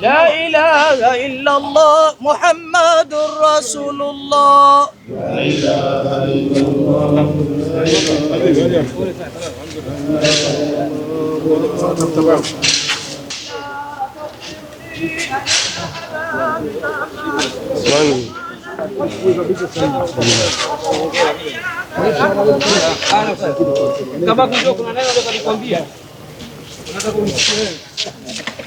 لا إله إلا الله محمد رسول الله لا إله إلا الله kama kujua kuna neno ndio kanikwambia unataka kumsikia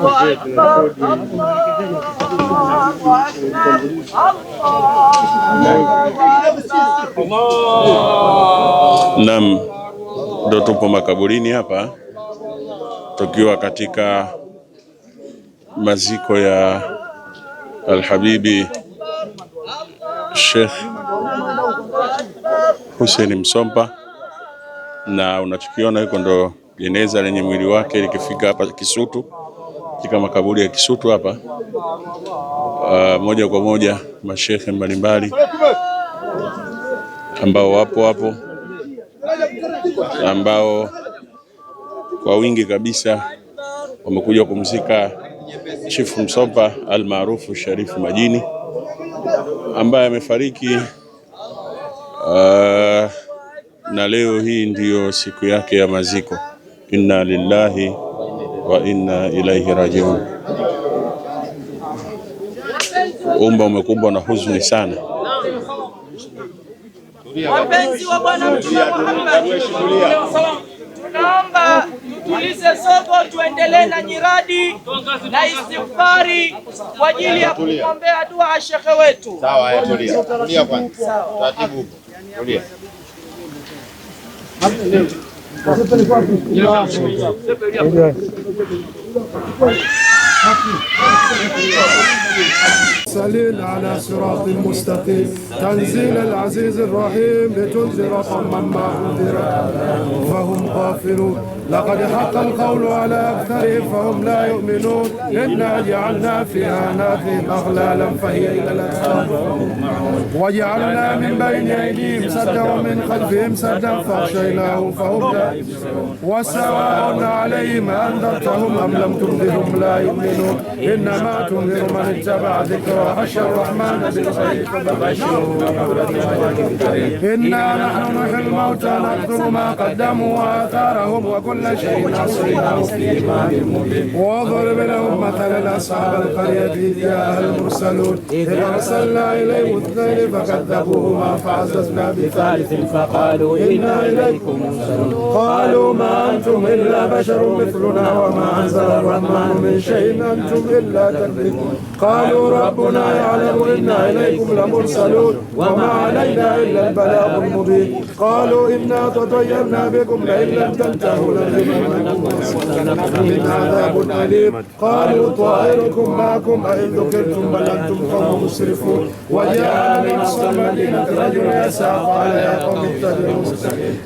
Naam, ndo tupo makaburini hapa tukiwa katika maziko ya Alhabibi Sheikh Hussein Msompa, na unachokiona hiko ndo jeneza lenye mwili wake likifika hapa Kisutu katika makaburi ya Kisutu hapa uh, moja kwa moja mashehe mbalimbali ambao wapo hapo ambao kwa wingi kabisa wamekuja kumzika Chifu Msopa almaarufu Sharifu Majini ambaye amefariki uh, na leo hii ndiyo siku yake ya maziko. Inna lillahi wa inna ilaihi rajiun. Umma umekumbwa na huzuni sana, wapenzi wa Bwana Mtume Muhammad, tunaomba tulize soko, tuendelee na nyiradi na istighfari kwa ajili ya kumwombea dua shekhe wetu. Sawa, tulia tulia kwanza, taratibu, tulia سليل على صراط المستقيم تنزيل العزيز الرحيم لتنذر قوما ما انذر فهم غافلون لقد حق القول على أكثرهم فهم لا يؤمنون إنا جعلنا في أعناقهم أغلالا فهي إلى الأسفل وجعلنا من بين أيديهم سدا ومن خلفهم سدا فأغشيناهم فهم لا وسواء عليهم أنذرتهم أم لم تنذرهم لا يؤمنون إنما تنذر من اتبع ذكر وحشى الرحمن بالخير إنا نحن نحيي الموتى نكتب ما قدموا وآثارهم وكل كل شيء عصيناه في إمام مبين واضرب لهم مثلا أصحاب القرية إذ جاءها المرسلون إذ أرسلنا إليهم اثنين فكذبوهما فعززنا بثالث فقالوا إنا إليكم مرسلون قالوا ما أنتم إلا بشر مثلنا وما أنزل الرحمن من شيء أنتم إلا تكذبون قالوا ربنا يعلم إنا إليكم لمرسلون وما علينا إلا البلاغ المبين قالوا إنا تطيرنا بكم لئن لم تنتهوا لنا ولكم عذاب أليم قالوا طائركم معكم أئن ذكرتم بل أنتم قوم مسرفون وجاء من أقصى المدينة رجل يسعى قال يا قوم اتبعوا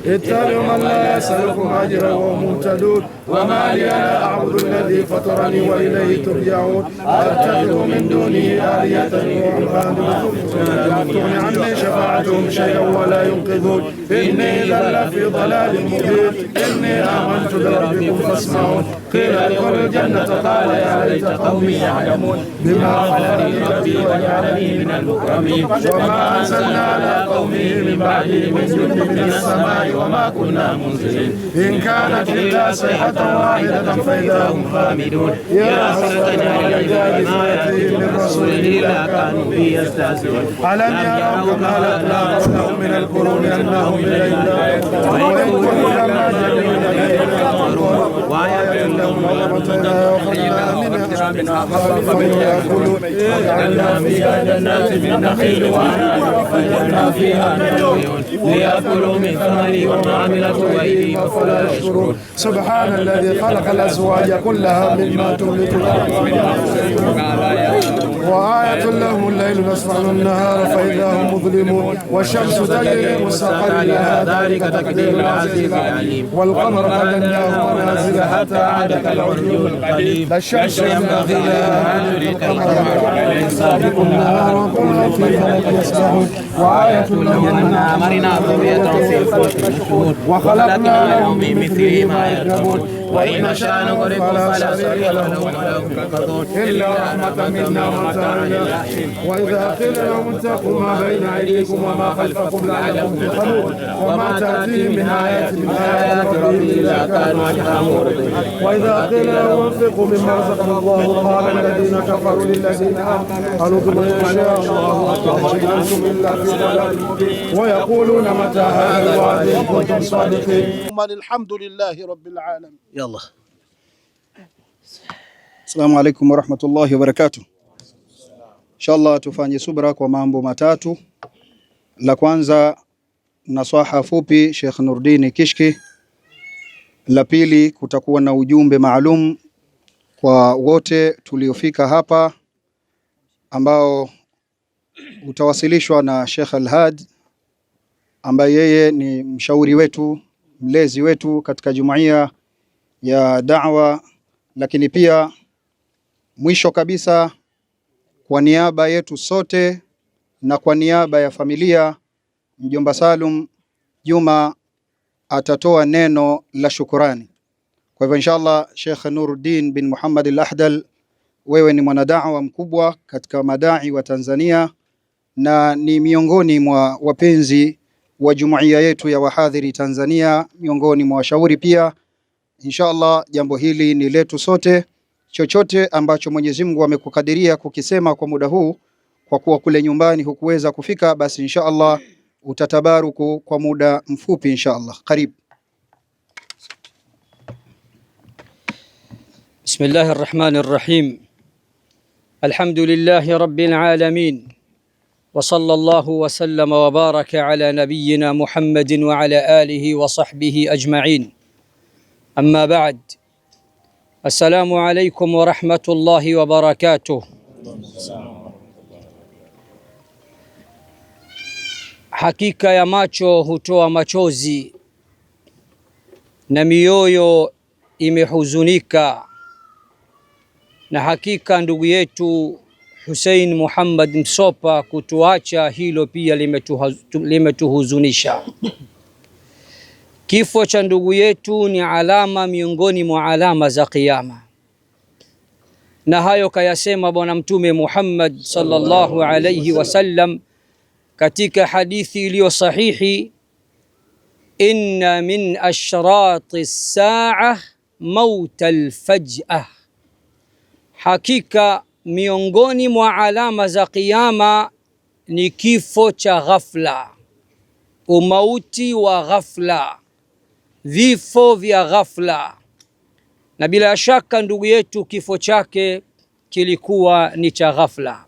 اتبعوا من لا يسألكم أجرا وهم مهتدون وما لي أنا أعبد الذي فطرني وإليه ترجعون أتخذ من دونه آلية لا تغن عني شفاعتهم شيئا ولا ينقذون إني إذا لفي ضلال مبين إني آمنت بربكم فاسمعون قيل ادخلوا الجنة قال يا ليت قومي يعلمون بما غفرني ربي وجعلني من المكرمين وما أنزلنا على قومه من بعده من جند من السماء وما كنا منزلين إن كانت إلا صيحة مرة واحدة فإذا هم خامدون يا حسرة على العباد ما يأتيهم من رسول إلا كانوا به يستهزئون ألم يروا كم أهلكنا قبلهم من القرون أنهم إلينا وإن كل سبحان الذي خلق الأزواج كلها مما تنبت وآية لهم الليل نصنع النهار فإذا هم مظلمون والشمس تجري مستقر لها ذلك تقدير العزيز العليم والقمر قدمناه منازل حتى عاد كالعريون القديم الشمس ينبغي لها أن تقدر القمر سابق النهار وكل في فلك يسبحون وآية لهم أن أمرنا قرية في الفلك وخلقنا لهم بمثله ما يركبون وإن نشاء نغرقهم فلا سبيل لهم ولا هم إلا رحمة منا ومتاع ومتاعنا وإذا قيل لهم اتقوا ما بين أيديكم وما خلفكم لعلكم ترحمون وما تأتيهم من آيات من آيات ربهم إلا كانوا عنها وإذا قيل لهم انفقوا مما رزقنا الله قال الذين كفروا للذين آمنوا قالوا إن شاء الله أنتم إلا في ضلال ويقولون متى هذا الوعد إن كنتم صادقين الحمد لله رب العالمين Yalla. Assalamu alaikum warahmatullahi wabarakatuh. Inshallah tufanye subra kwa mambo matatu. La kwanza nasaha fupi Sheikh Nurdin Kishki. La pili kutakuwa na ujumbe maalum kwa wote tuliofika hapa ambao utawasilishwa na Sheikh Alhad ambaye yeye ni mshauri wetu, mlezi wetu katika jumuiya ya da'wa, lakini pia mwisho kabisa, kwa niaba yetu sote na kwa niaba ya familia, mjomba Salum Juma atatoa neno la shukurani. Kwa hivyo inshallah, Sheikh Nuruddin bin Muhammad al-Ahdal, wewe ni mwanadawa mkubwa katika madai wa Tanzania na ni miongoni mwa wapenzi wa jumuiya yetu ya wahadhiri Tanzania, miongoni mwa washauri pia Inshallah jambo hili ni letu sote. Chochote ambacho Mwenyezi Mungu amekukadiria kukisema kwa muda huu, kwa kuwa kule nyumbani hukuweza kufika, basi inshallah utatabaruku kwa muda mfupi inshallah. Karibu. Bismillahir Rahmanir rahim alhamdulillahi rabbil alamin wa sallallahu wa sallama wa baraka ala nabiyyina Muhammadin wa ala alihi wa sahbihi ajma'in Amma baad, assalamu alaikum warahmatullahi wabarakatuh. Hakika ya macho hutoa machozi na mioyo imehuzunika, na hakika ndugu yetu Hussein Muhammad Msopa kutuacha, hilo pia limetuhuzunisha Kifo cha ndugu yetu ni alama miongoni mwa alama za Kiyama, na hayo kayasema Bwana Mtume Muhammad sallallahu alayhi wasallam katika hadithi iliyo sahihi, inna min ashrati saa mauta alfajah, hakika miongoni mwa alama za Kiyama ni kifo cha ghafla, umauti wa ghafla vifo vya ghafla, na bila shaka ndugu yetu kifo chake kilikuwa ni cha ghafla.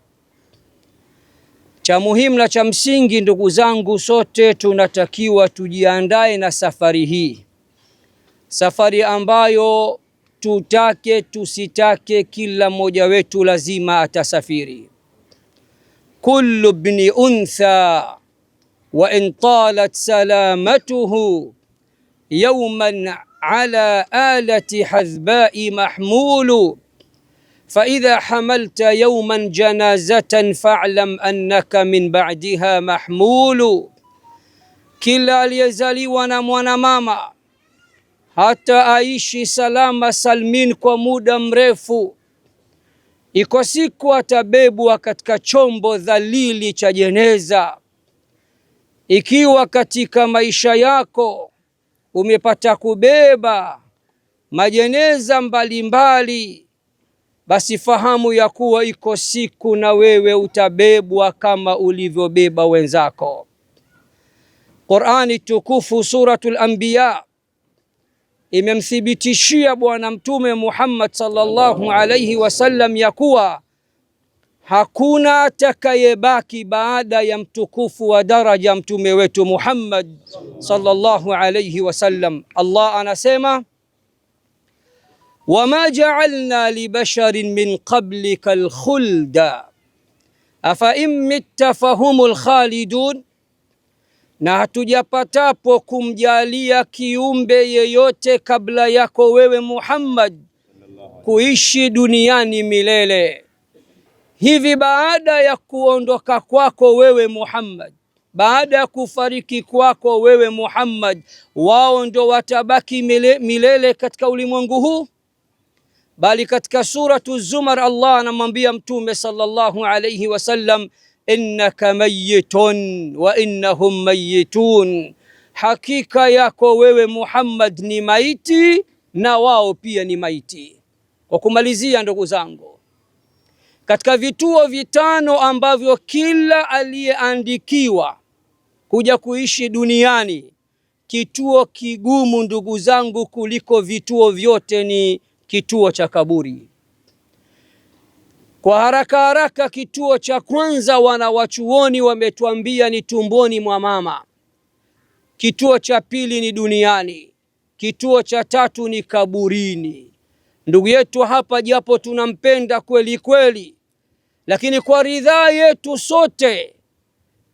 Cha muhimu na cha msingi, ndugu zangu, sote tunatakiwa tujiandae na safari hii, safari ambayo tutake tusitake, kila mmoja wetu lazima atasafiri. kullu bni untha wa in talat salamatuhu yauman ala alati hadhbai mahmulu faidha hamalta yauman janazatan falam annaka min badiha mahmulu, kila aliyezaliwa na mwanamama hata aishi salama salmin kwa muda mrefu, iko siku atabebwa katika chombo dhalili cha jeneza. Ikiwa katika maisha yako umepata kubeba majeneza mbalimbali, basi fahamu ya kuwa iko siku na wewe utabebwa kama ulivyobeba wenzako. Qur'ani tukufu Suratul Anbiya imemthibitishia Bwana Mtume Muhammad sallallahu alayhi wasallam ya kuwa Hakuna atakayebaki baada ya mtukufu wa daraja mtume wetu Muhammad sallallahu alayhi wasallam. Allah anasema wama ja'alna libasharin min qablika alkhulda afa in mitta fahumul khalidun, na hatujapatapo kumjalia kiumbe yeyote kabla yako wewe Muhammad kuishi duniani milele hivi baada ya kuondoka kwako wewe Muhammad, baada ya kufariki kwako wewe Muhammad, wao ndio watabaki milele, milele katika ulimwengu huu? Bali katika suratu Zumar Allah anamwambia Mtume sallallahu alayhi wasallam, innaka mayitun wa innahum mayitun, hakika yako wewe Muhammad ni maiti na wao pia ni maiti. Kwa kumalizia, ndugu zangu katika vituo vitano ambavyo kila aliyeandikiwa kuja kuishi duniani, kituo kigumu ndugu zangu kuliko vituo vyote ni kituo cha kaburi. Kwa haraka haraka, kituo cha kwanza wanawachuoni wametuambia ni tumboni mwa mama, kituo cha pili ni duniani, kituo cha tatu ni kaburini. Ndugu yetu hapa, japo tunampenda kweli kweli lakini kwa ridhaa yetu sote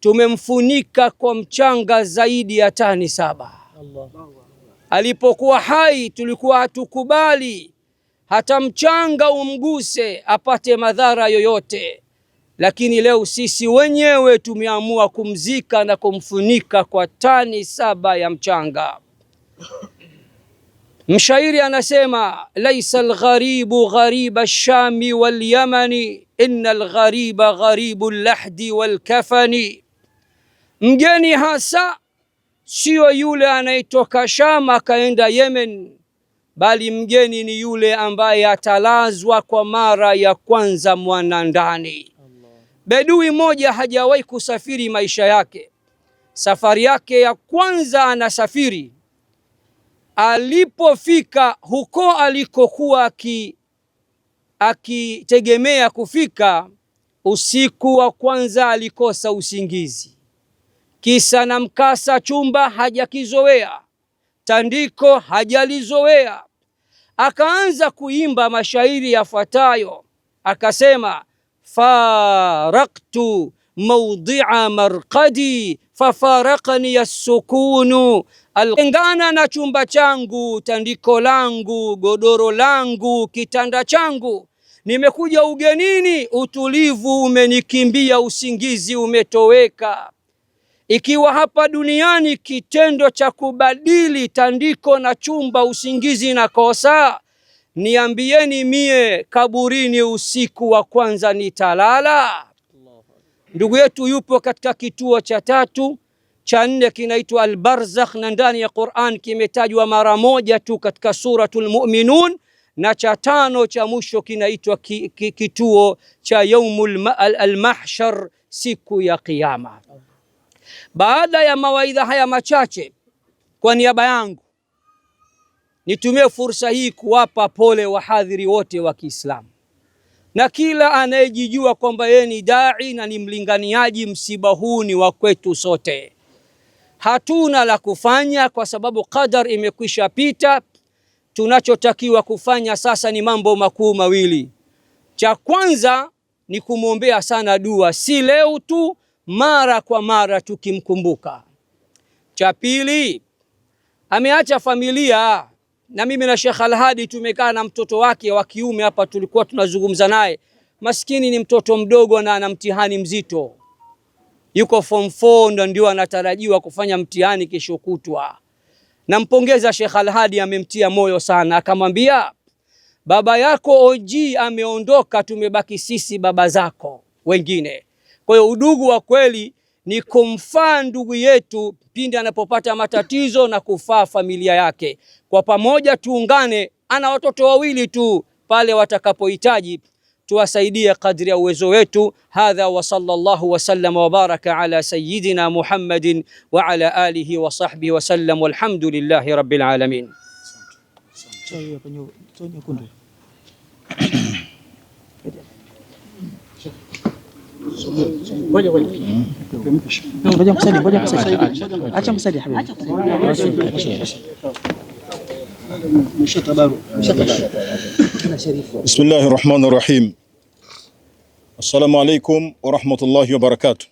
tumemfunika kwa mchanga zaidi ya tani saba. Allah. Alipokuwa hai tulikuwa hatukubali hata mchanga umguse apate madhara yoyote, lakini leo sisi wenyewe tumeamua kumzika na kumfunika kwa tani saba ya mchanga. Mshairi anasema laisa lgharibu ghariba lshami walyamani inna lghariba gharibu llahdi walkafani, mgeni hasa siyo yule anayetoka Sham akaenda Yemen, bali mgeni ni yule ambaye atalazwa kwa mara ya kwanza mwana ndani Bedui moja hajawahi kusafiri maisha yake, safari yake ya kwanza anasafiri Alipofika huko alikokuwa akitegemea kufika, usiku wa kwanza alikosa usingizi, kisa na mkasa, chumba hajakizoea, tandiko hajalizoea. Akaanza kuimba mashairi yafuatayo, akasema: faraktu maudia marqadi fafaraqani assukunu Alengana na chumba changu, tandiko langu, godoro langu, kitanda changu. Nimekuja ugenini, utulivu umenikimbia, usingizi umetoweka. Ikiwa hapa duniani kitendo cha kubadili tandiko na chumba, usingizi na kosa, niambieni mie, kaburini usiku wa kwanza nitalala? Ndugu yetu yupo katika kituo cha tatu cha nne kinaitwa albarzakh, na ndani ya Qur'an kimetajwa mara moja tu katika suratul Mu'minun, na cha tano cha mwisho kinaitwa ki, ki, kituo cha yaumul almahshar, siku ya Kiyama. Baada ya mawaidha haya machache, kwa niaba yangu nitumie fursa hii kuwapa pole wahadhiri wote wa Kiislamu na kila anayejijua kwamba yeye ni dai na ni mlinganiaji. Msiba huu ni wa kwetu sote hatuna la kufanya kwa sababu qadar imekwisha pita. Tunachotakiwa kufanya sasa ni mambo makuu mawili. Cha kwanza ni kumwombea sana dua, si leo tu, mara kwa mara tukimkumbuka. Cha pili, ameacha familia, na mimi na Sheikh Alhadi tumekaa na mtoto wake wa kiume hapa, tulikuwa tunazungumza naye. Maskini ni mtoto mdogo na ana mtihani mzito yuko form 4 ndio ndio anatarajiwa kufanya mtihani kesho kutwa. Nampongeza Sheikh Alhadi, amemtia moyo sana, akamwambia baba yako OG ameondoka, tumebaki sisi baba zako wengine. Kwa hiyo udugu wa kweli ni kumfaa ndugu yetu pindi anapopata matatizo na kufaa familia yake. Kwa pamoja tuungane, ana watoto wawili tu, pale watakapohitaji tuwasaidie kadri ya uwezo wetu. Hadha wa sallallahu wa sallam wa baraka ala sayyidina Muhammadin wa ala alihi wa sahbihi wa sallam walhamdulillahi rabbil alamin. بسم الله الرحمن الرحيم السلام عليكم ورحمة الله وبركاته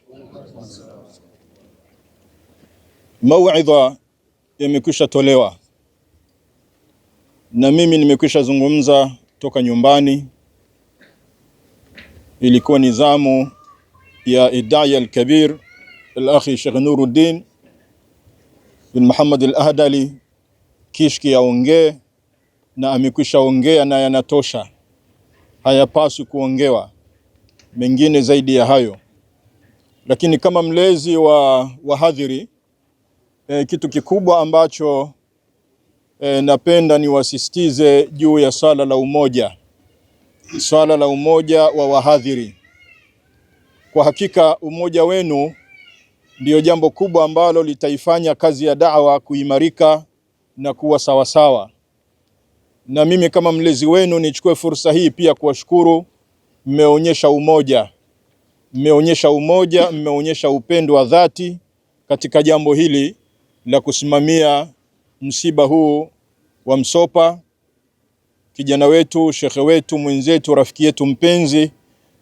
موعظة يمكوشة توليوة نميمي يمكوشة زنغمزة توكا نيومباني ilikuwa ni zamu ya idaya alkabir alakhi Sheikh Nuruddin bin Muhammad alahdali kishki aongee na amekwisha ongea na yanatosha, hayapaswi kuongewa mengine zaidi ya hayo. Lakini kama mlezi wa wahadhiri e, eh, kitu kikubwa ambacho e, napenda niwasisitize juu ya swala la umoja, swala la umoja wa wahadhiri. Kwa hakika umoja wenu ndiyo jambo kubwa ambalo litaifanya kazi ya da'wa kuimarika na kuwa sawasawa na mimi kama mlezi wenu nichukue fursa hii pia kuwashukuru. Mmeonyesha umoja, mmeonyesha umoja, mmeonyesha upendo wa dhati katika jambo hili la kusimamia msiba huu wa Msopa, kijana wetu, shekhe wetu, mwenzetu, rafiki yetu mpenzi,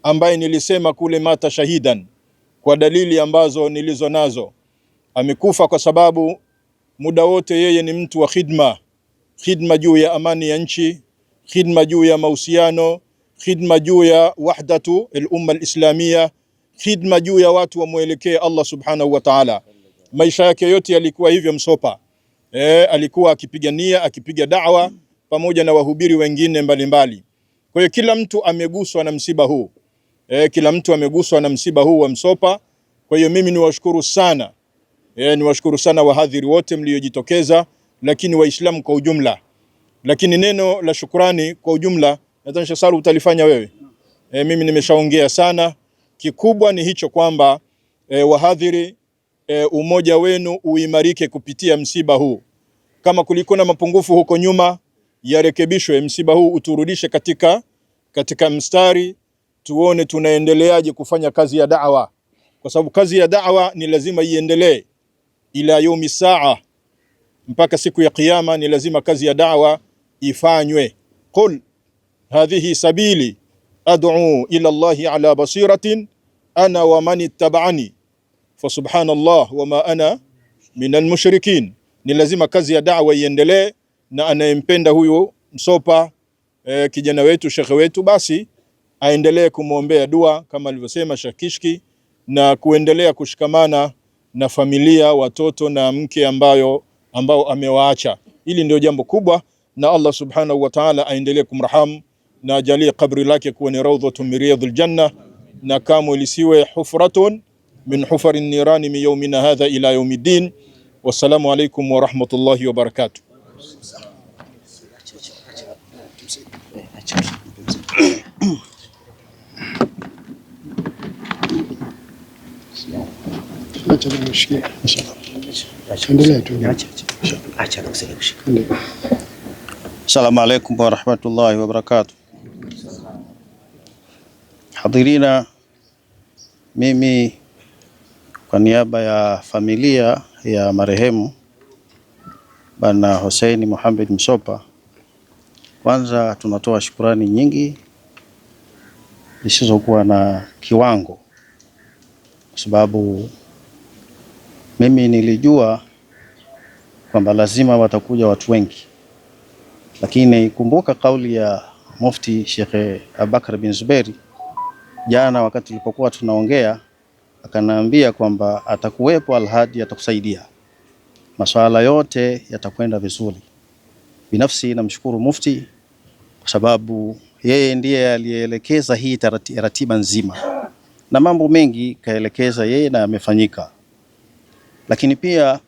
ambaye nilisema kule mata shahidan, kwa dalili ambazo nilizo nazo, amekufa kwa sababu muda wote yeye ni mtu wa khidma khidma juu ya amani ya nchi, khidma juu ya mahusiano, khidma juu ya wahdatu al-umma al-islamia, khidma juu ya watu wamwelekee Allah subhanahu wa ta'ala. Maisha yake yote yalikuwa hivyo Msopa. E, alikuwa akipigania akipiga dawa pamoja na wahubiri wengine mbalimbali. Kwa hiyo kila mtu ameguswa na msiba huu e, kila mtu ameguswa na msiba huu wa Msopa. Kwa hiyo mimi niwashukuru sana e, niwashukuru sana wahadhiri wote mliojitokeza lakini Waislamu kwa ujumla. Lakini neno la shukrani kwa ujumla nadhani Shasari utalifanya wewe. E, mimi nimeshaongea sana. Kikubwa ni hicho kwamba e, wahadhiri e, umoja wenu uimarike kupitia msiba huu. Kama kulikuwa na mapungufu huko nyuma yarekebishwe, msiba huu uturudishe katika, katika mstari, tuone tunaendeleaje kufanya kazi ya da'wa, kwa sababu kazi ya da'wa ni lazima iendelee ila yaumi saa mpaka siku ya Kiyama ni lazima kazi ya dawa ifanywe. Qul hadhihi sabili ad'u ila llahi ala basiratin ana wa man ittaba'ani fa subhanallah wa ma ana min almushrikin. Ni lazima kazi ya dawa iendelee, na anayempenda huyo msopa e, kijana wetu shekhe wetu, basi aendelee kumwombea dua kama alivyosema Shakishki na kuendelea kushikamana na familia, watoto na mke ambayo ambao amewaacha. Hili ndio jambo kubwa, na Allah subhanahu wa ta'ala aendelee kumrahamu na ajalie kabri lake kuwa ni raudhatun min riyadhil janna, na kamwe lisiwe hufratun min hufari nirani min yaumina hadha ila yaumiddin. Wassalamu alaykum wa rahmatullahi wa barakatuh. Acha nimeshikia. Endelea tu. Acha nakusaidia kushika. Assalamu alaykum wa rahmatullahi wa barakatuh. Hadhirina, mimi kwa niaba ya familia ya marehemu Bwana Hussein Mohamed Msopa, kwanza tunatoa shukurani nyingi zisizokuwa na kiwango kwa sababu mimi nilijua kwamba lazima watakuja watu wengi, lakini kumbuka kauli ya Mufti Sheikh Abubakar bin Zuberi jana wakati tulipokuwa tunaongea, akanaambia kwamba atakuwepo Alhadi, atakusaidia masuala yote yatakwenda vizuri. Binafsi namshukuru Mufti kwa sababu yeye ndiye aliyeelekeza hii ratiba nzima na mambo mengi kaelekeza yeye na yamefanyika. Lakini pia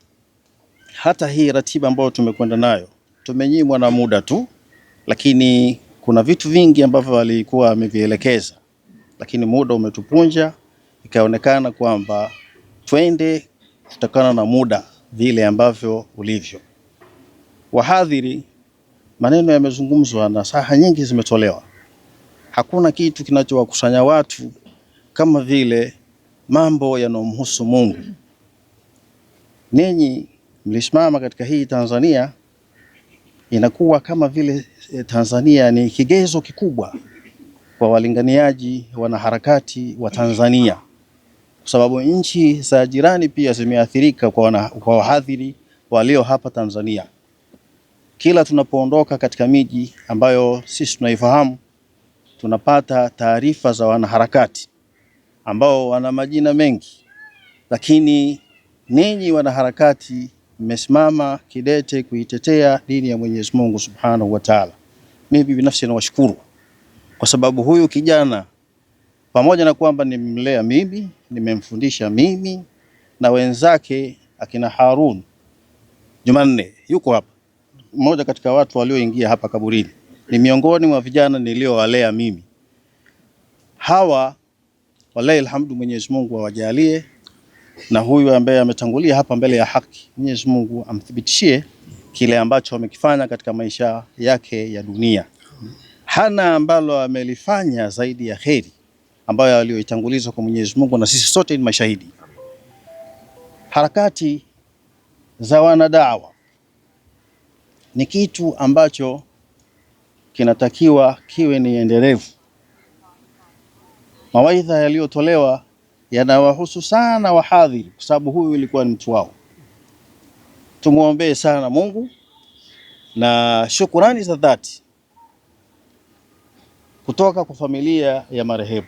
hata hii ratiba ambayo tumekwenda nayo tumenyimwa na muda tu, lakini kuna vitu vingi ambavyo alikuwa amevielekeza, lakini muda umetupunja, ikaonekana kwamba twende kutokana na muda vile ambavyo ulivyo. Wahadhiri, maneno yamezungumzwa na saha nyingi zimetolewa. Hakuna kitu kinachowakusanya watu kama vile mambo yanayomhusu Mungu ninyi mlisimama katika hii Tanzania, inakuwa kama vile eh, Tanzania ni kigezo kikubwa kwa walinganiaji, wanaharakati wa Tanzania, kwa sababu nchi za jirani pia zimeathirika kwa, kwa wahadhiri walio hapa Tanzania. Kila tunapoondoka katika miji ambayo sisi tunaifahamu, tunapata taarifa za wanaharakati ambao wana majina mengi, lakini ninyi wanaharakati mmesimama kidete kuitetea dini ya Mwenyezi Mungu Subhanahu wa Ta'ala. Mimi binafsi nawashukuru kwa sababu huyu kijana pamoja na kwamba nimemlea mimi, nimemfundisha mimi na wenzake akina Harun Jumanne yuko hapa, mmoja katika watu walioingia hapa kaburini, ni miongoni mwa vijana niliowalea mimi. Hawa walai alhamdu, Mwenyezi Mungu awajalie na huyu ambaye ametangulia hapa mbele ya haki, Mwenyezi Mungu amthibitishie kile ambacho amekifanya katika maisha yake ya dunia. Hana ambalo amelifanya zaidi ya heri ambayo aliyoitangulizwa kwa Mwenyezi Mungu, na sisi sote ni mashahidi. Harakati za wanadawa ni kitu ambacho kinatakiwa kiwe ni endelevu. Mawaidha yaliyotolewa yanawahusu sana wahadhiri, kwa sababu huyu ilikuwa ni mtu wao. Tumwombee sana Mungu na shukurani za dhati kutoka kwa familia ya marehemu.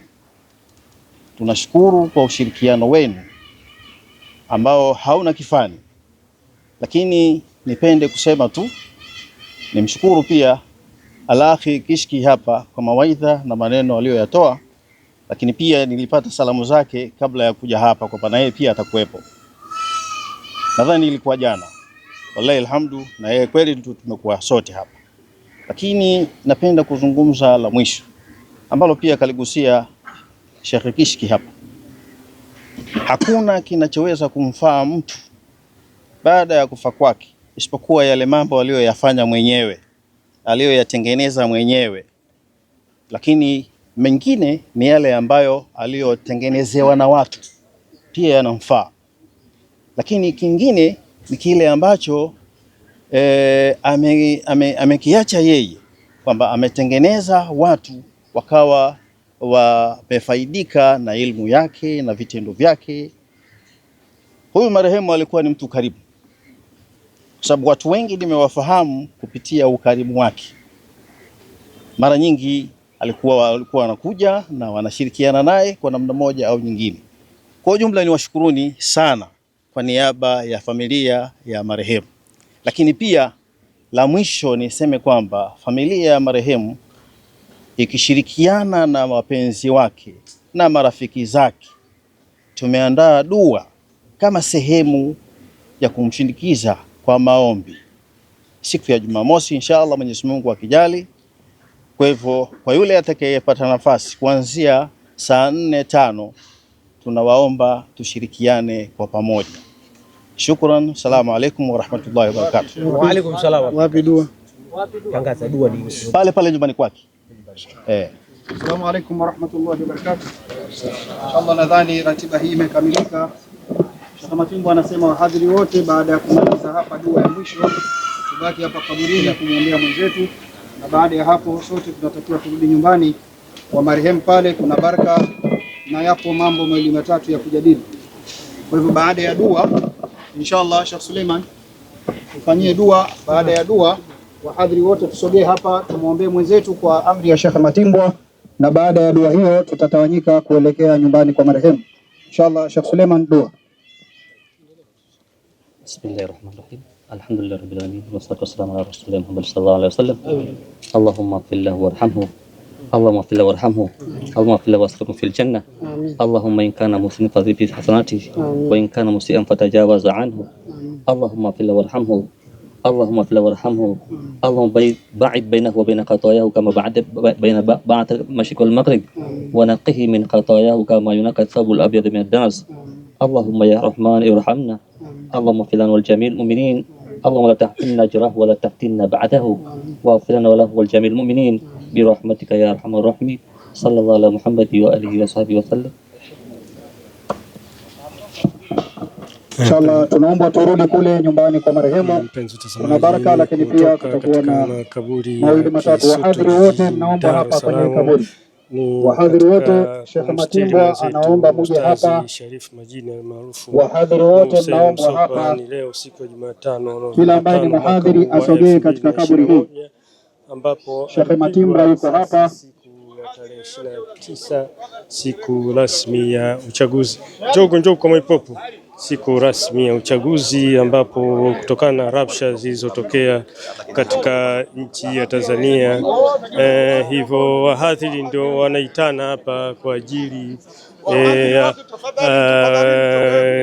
Tunashukuru kwa ushirikiano wenu ambao hauna kifani, lakini nipende kusema tu nimshukuru pia Alahi Kishki hapa kwa mawaidha na maneno aliyoyatoa lakini pia nilipata salamu zake kabla ya kuja hapa kwamba na yeye pia atakuwepo. Nadhani ilikuwa jana, wallahi alhamdu, na yeye kweli tumekuwa sote hapa, lakini napenda kuzungumza la mwisho ambalo pia kaligusia Sheikh Kishki hapa. Hakuna kinachoweza kumfaa mtu baada ya kufa kwake isipokuwa yale mambo aliyoyafanya mwenyewe aliyoyatengeneza mwenyewe, lakini mengine ni yale ambayo aliyotengenezewa na watu pia yanamfaa, lakini kingine ni kile ambacho e, eh, amekiacha ame, ame yeye kwamba ametengeneza watu wakawa wamefaidika na elimu yake na vitendo vyake. Huyu marehemu alikuwa ni mtu karibu, kwa sababu watu wengi nimewafahamu kupitia ukarimu wake. Mara nyingi alikuwa alikuwa wanakuja na wanashirikiana naye kwa namna moja au nyingine. Kwa ujumla, ni washukuruni sana kwa niaba ya familia ya marehemu, lakini pia la mwisho niseme kwamba familia ya marehemu ikishirikiana na wapenzi wake na marafiki zake tumeandaa dua kama sehemu ya kumshindikiza kwa maombi siku ya Jumamosi, insha Mwenyezi Mungu akijali kwa hivyo kwa yule atakayepata nafasi kuanzia saa nne tano, tunawaomba tushirikiane kwa pamoja. Shukran, salamu alaikum warahmatullahi wabarakatuh. Wa alaikum salaam. Wapi dua? Tangaza dua ni pale pale nyumbani kwake. Eh. Assalamu alaikum warahmatullahi wabarakatuh. Inshallah, nadhani ratiba hii imekamilika. Shakamatingo anasema wahadhiri wote baada ya kumaliza hapa dua ya mwisho tubaki hapa kaburini kumwombea mwenzetu na baada ya hapo sote tunatakiwa kurudi nyumbani kwa marehemu. Pale kuna baraka na yapo mambo mawili matatu ya kujadili. Kwa hivyo baada ya dua inshallah, Sheikh Suleiman ufanyie dua. Baada ya dua, wahadhiri wote tusogee hapa, tumwombee mwenzetu kwa amri ya Sheikh Matimbwa, na baada ya dua hiyo tutatawanyika kuelekea nyumbani kwa marehemu inshallah. Sheikh Suleiman, dua. Bismillahirrahmanirrahim الحمد لله رب العالمين والصلاة والسلام على رسول الله محمد صلى الله عليه وسلم اللهم اغفر له وارحمه اللهم اغفر له وارحمه اللهم اغفر له واسكنه في الجنة اللهم إن كان مسلما فاضرب في حسناته وإن كان مسيئا فتجاوز عنه اللهم اغفر له وارحمه اللهم اغفر له وارحمه اللهم باعد بينه وبين خطاياه كما بعد بين بعد مشرق المغرب ونقه من خطاياه كما ينقى الثوب الأبيض من الدنس اللهم يا رحمن ارحمنا اللهم اغفر لنا والجميع المؤمنين اللهم لا تحملنا جراه ولا تفتنا بعده واغفر لنا وله ولجميع المؤمنين برحمتك يا ارحم الراحمين صلى الله على محمد واله وصحبه وسلم Inshallah tunaomba turudi kule nyumbani kwa marehemu. Kuna baraka lakini pia kutakuwa na mawili matatu. Wahadhiri wote mnaomba hapa kwenye kaburi. Wahadhiri wote, Sheikh Matimbwa anaomba muje hapa. Wahadhiri wote mnaomba hapa. Leo siku ya Jumatano, kila ambaye ni mhadhiri asogee katika kaburi hii, ambapo Sheikh Matimbwa yuko hapa siku ya tarehe 29 siku rasmi ya uchaguzi. Njoo njoo kwa Mwaipopo siku rasmi ya uchaguzi ambapo kutokana na rabsha zilizotokea katika nchi ya Tanzania eh, hivyo wahadhiri ndio wanaitana hapa kwa ajili eh, eh,